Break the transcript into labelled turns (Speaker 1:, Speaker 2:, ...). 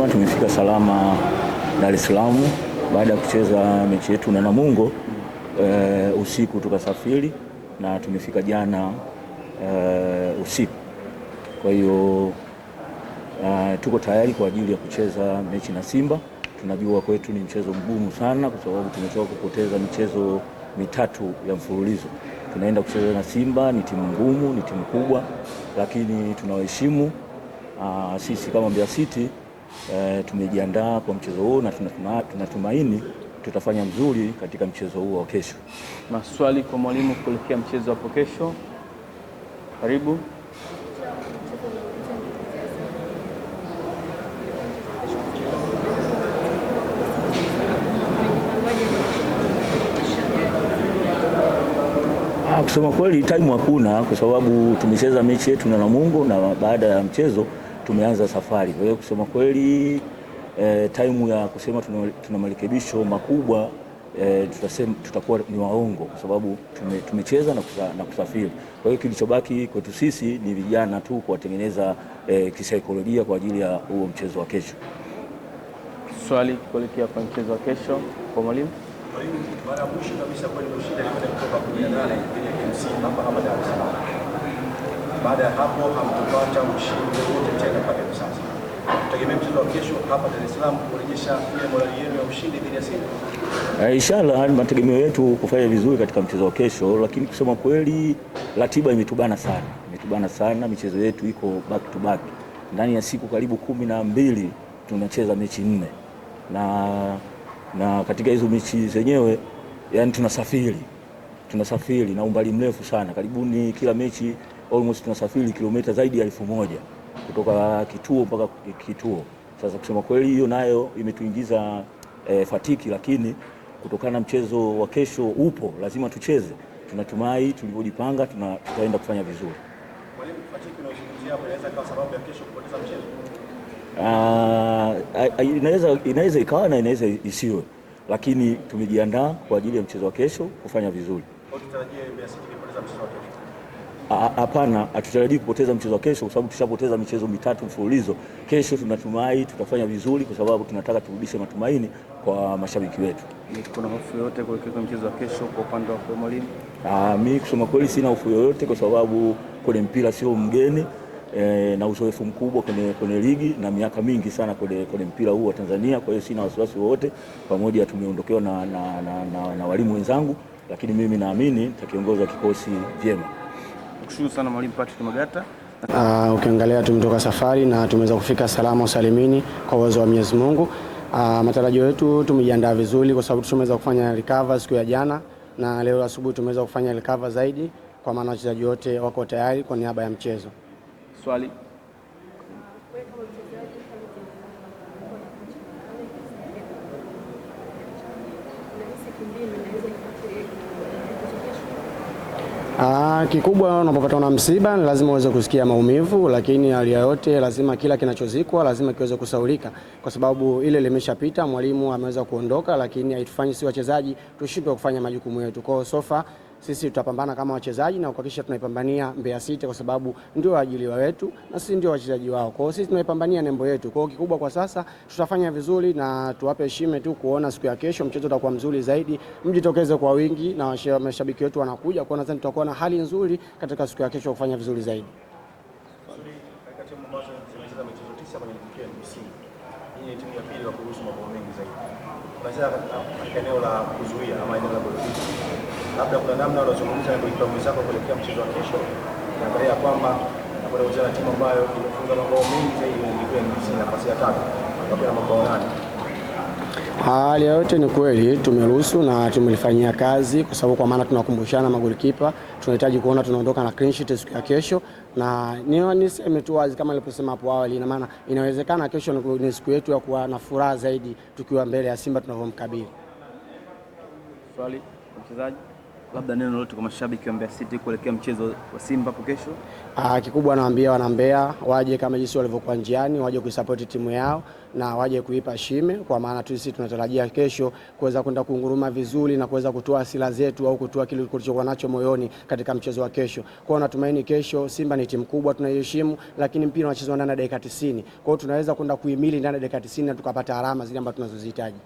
Speaker 1: mzima tumefika salama Dar es Salaam baada ya kucheza mechi yetu na Namungo e, usiku tukasafiri na tumefika jana e, usiku. Kwa hiyo e, tuko tayari kwa ajili ya kucheza mechi na Simba. Tunajua kwetu ni mchezo mgumu sana, kwa sababu tumetoka kupoteza michezo mitatu ya mfululizo. Tunaenda kucheza na Simba, ni timu ngumu, ni timu kubwa, lakini tunawaheshimu ah, sisi kama Mbeya City e, tumejiandaa kwa mchezo huu na tunatumaini tutafanya mzuri katika mchezo huu wa kesho.
Speaker 2: Maswali kwa mwalimu kuelekea mchezo hapo kesho? Karibu.
Speaker 1: Ah, kusema kweli, time hakuna kwa sababu tumecheza mechi yetu na Namungo na baada ya mchezo tumeanza safari. Kwa hiyo kusema kweli eh, e, taimu ya kusema tuna, tuna marekebisho makubwa e, tutasema, tutakuwa ni waongo kwa sababu tume, tumecheza na, kusa, na kusafiri. Kwa hiyo kilichobaki kwetu sisi ni vijana tu kuwatengeneza e, kisaikolojia kwa ajili ya huo mchezo wa kesho.
Speaker 2: Swali kuelekea kwa mchezo wa kesho kwa mwalimu mara ya mwisho kabisa kwenda kushinda ilikuwa kwa 18 kwenye KMC hapa hapa Dar es Salaam. Baada ya hapo hamtupata
Speaker 1: ushindi wote tena mpaka hivi sasa. Tutegemea mchezo wa kesho hapa Dar es Salaam kurejesha ile morali yenu ya ushindi dhidi ya Simba. Uh, inshallah yaani mategemeo yetu kufanya vizuri katika mchezo wa kesho, lakini kusema kweli ratiba imetubana sana, imetubana sana. Michezo yetu iko back to back, ndani ya siku karibu kumi na mbili tunacheza mechi nne na, na katika hizo mechi zenyewe yani tunasafiri tunasafiri na umbali mrefu sana, karibuni kila mechi almost tunasafiri kilomita zaidi ya elfu moja kutoka kituo mpaka kituo. Sasa kusema kweli, hiyo nayo imetuingiza e, fatiki, lakini kutokana na mchezo wa kesho upo, lazima tucheze. Tunatumai tulivyojipanga tutaenda kufanya vizuri. Ah, inaweza ikawa na inaweza isiwe, lakini tumejiandaa kwa ajili ya mchezo wa kesho kufanya vizuri. Hapana, hatutarajii kupoteza mchezo wa kesho, kwa sababu tushapoteza michezo mitatu mfululizo. Kesho tunatumai tutafanya vizuri, kwa sababu tunataka turudishe matumaini kwa mashabiki wetu.
Speaker 2: Kuna hofu yoyote kwa mchezo wa kesho kwa upande wa mwalimu?
Speaker 1: Ah, mimi kusema kweli sina hofu yoyote, kwa sababu kwenye mpira sio mgeni e, na uzoefu mkubwa kwenye, kwenye ligi na miaka mingi sana kwenye, kwenye mpira huu wa Tanzania. Kwa hiyo sina wasiwasi wowote, pamoja tumeondokewa na, na, na, na, na walimu wenzangu, lakini mimi naamini nitakiongoza kikosi vyema
Speaker 2: kushukuru sana Mwalimu Patrick Magata.
Speaker 3: Uh, ukiangalia tumetoka safari na tumeweza kufika salama usalimini kwa uwezo wa Mwenyezi Mungu. Uh, matarajio yetu tumejiandaa vizuri kwa sababu tumeweza kufanya recover siku ya jana na leo asubuhi tumeweza kufanya recover zaidi, kwa maana wachezaji wote wako tayari kwa niaba ya mchezo.
Speaker 2: Swali.
Speaker 4: Ah, kikubwa unapopata na msiba ni lazima uweze kusikia maumivu, lakini hali yote lazima kila kinachozikwa lazima kiweze kusaulika, kwa sababu ile limeshapita, mwalimu ameweza kuondoka, lakini haitufanyi si wachezaji tushindwe kufanya majukumu yetu kwao sofa sisi tutapambana kama wachezaji na kuhakikisha tunaipambania Mbeya City kwa sababu ndio waajiliwa wetu na sisi ndio wachezaji wao. Kwa hiyo sisi tunaipambania nembo yetu. Kwa hiyo kikubwa kwa sasa tutafanya vizuri na tuwape heshima tu, kuona siku ya kesho mchezo utakuwa mzuri zaidi. Mjitokeze kwa wingi na mashabiki wetu wanakuja, kwa nadhani tutakuwa na hali nzuri katika siku ya kesho kufanya vizuri zaidi. Timu ya pili wa kuruhusu mabao mengi zaidi. Katika eneo la kuzuia ama eneo la labda kuna namna unazungumza na golikipa mwenzako kuelekea mchezo wa kesho, ukiangalia kwamba nakwenda kucheza na timu ambayo imefunga mabao mengi zaidi ya nafasi ya tatu na mabao nane. Hali yote ni kweli tumeruhusu na tumelifanyia kazi kwa sababu kwa maana tunakumbushana magolikipa, tunahitaji kuona tunaondoka na clean sheet siku ya kesho, na niseme tu wazi kama niliposema hapo awali, ina maana inawezekana kesho ni siku yetu ya kuwa na furaha zaidi tukiwa mbele ya Simba tunavyomkabili.
Speaker 2: Swali mchezaji labda neno lolote kwa mashabiki wa Mbeya City kuelekea mchezo wa Simba hapo kesho?
Speaker 4: Ah, kikubwa naambia wana Mbeya waje kama jinsi walivyokuwa njiani, waje kuisapoti timu yao na waje kuipa shime, kwa maana tu sisi tunatarajia kesho kuweza kwenda kunguruma vizuri na kuweza kutoa asila zetu au kutoa kile tulichokuwa nacho moyoni katika mchezo wa kesho. Kwa hiyo natumaini kesho, Simba ni timu kubwa tunaiheshimu, lakini mpira unachezwa ndani ya dakika 90. Kwa hiyo tunaweza kwenda kuhimili ndani ya dakika 90 na tukapata alama zile ambazo tunazozihitaji.